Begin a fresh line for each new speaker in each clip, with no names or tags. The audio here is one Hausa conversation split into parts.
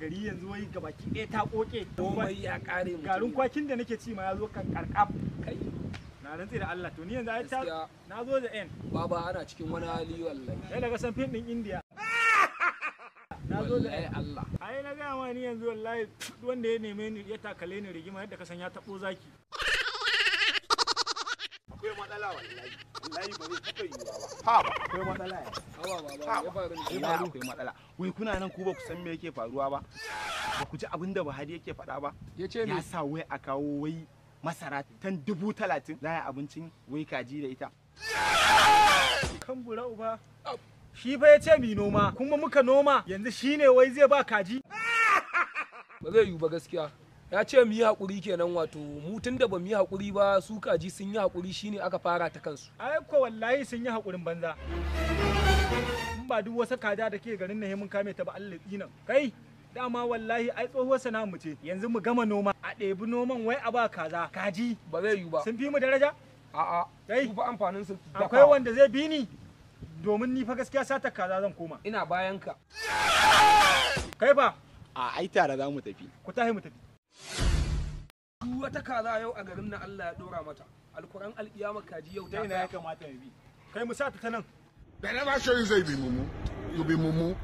gari yanzu wai gabaki ɗaya ta koke komai ya kare mu garin kwakin da nake ci ma ya zo kan karkab kai na rantsi da Allah to ni yanzu ai ta na zo da en baba ana cikin wani hali wallahi sai daga san fin din India na zo da Allah ai na ga ma ni yanzu wallahi wanda ya neme ni ya takale ni rigima yadda ka san ya tabo zaki akwai matsala wallahi wallahi ba zai taɓa yiwuwa ba akwai wai kuna nan ku ba ku san me yake faruwa ba ba ku ji abin da Buhari yake faɗa ba ya sa wai a kawo wai masara tan dubu talatin za a abincin wai kaji da ita kan uba shi fa ya ce mi noma kuma muka noma yanzu shine wai zai ba kaji ba zai yiwu ba gaskiya ya ce mu yi hakuri kenan wato mu tun da ba mu yi hakuri ba su kaji sun yi hakuri shine aka fara ta kansu ai ko wallahi sun yi hakurin banza in ba duk wasu kaja da ke garin nahimin kame ta ba Allah nan kai dama wallahi ai tsohuwar sana mu ce yanzu mu gama noma a ɗebi noman wai a ba kaza kaji ba zai yiwu ba sun fi mu daraja a'a kai ba amfanin su akwai wanda zai bi ni domin ni fa gaskiya sata kaza zan koma ina bayan ka kai fa a ai tare za mu tafi ku tafi mu tafi wata kaza yau a garin nan Allah ya dora mata alquran alqiyama kaji yau dai ina ya kamata ya bi kai mu sa ta nan da na ba shi zai bi mumu you be mumu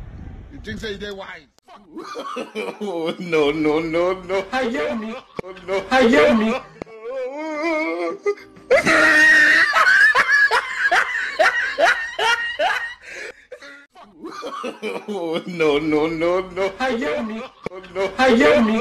you think say they why no no no no hayemi no hayemi Oh no no no no! Haye mi! Oh no! Haye mi!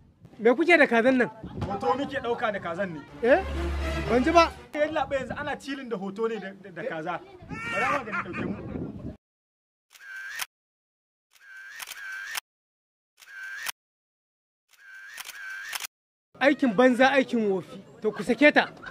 Me kuke da kazan nan? Hoto muke ɗauka da kazan ne. Eh? Ban ji ba. Yalla ba yanzu ana cilin da hoto ne da kaza. Bari ma ga ɗauke mu. Aikin banza aikin wofi. To ku sake ta.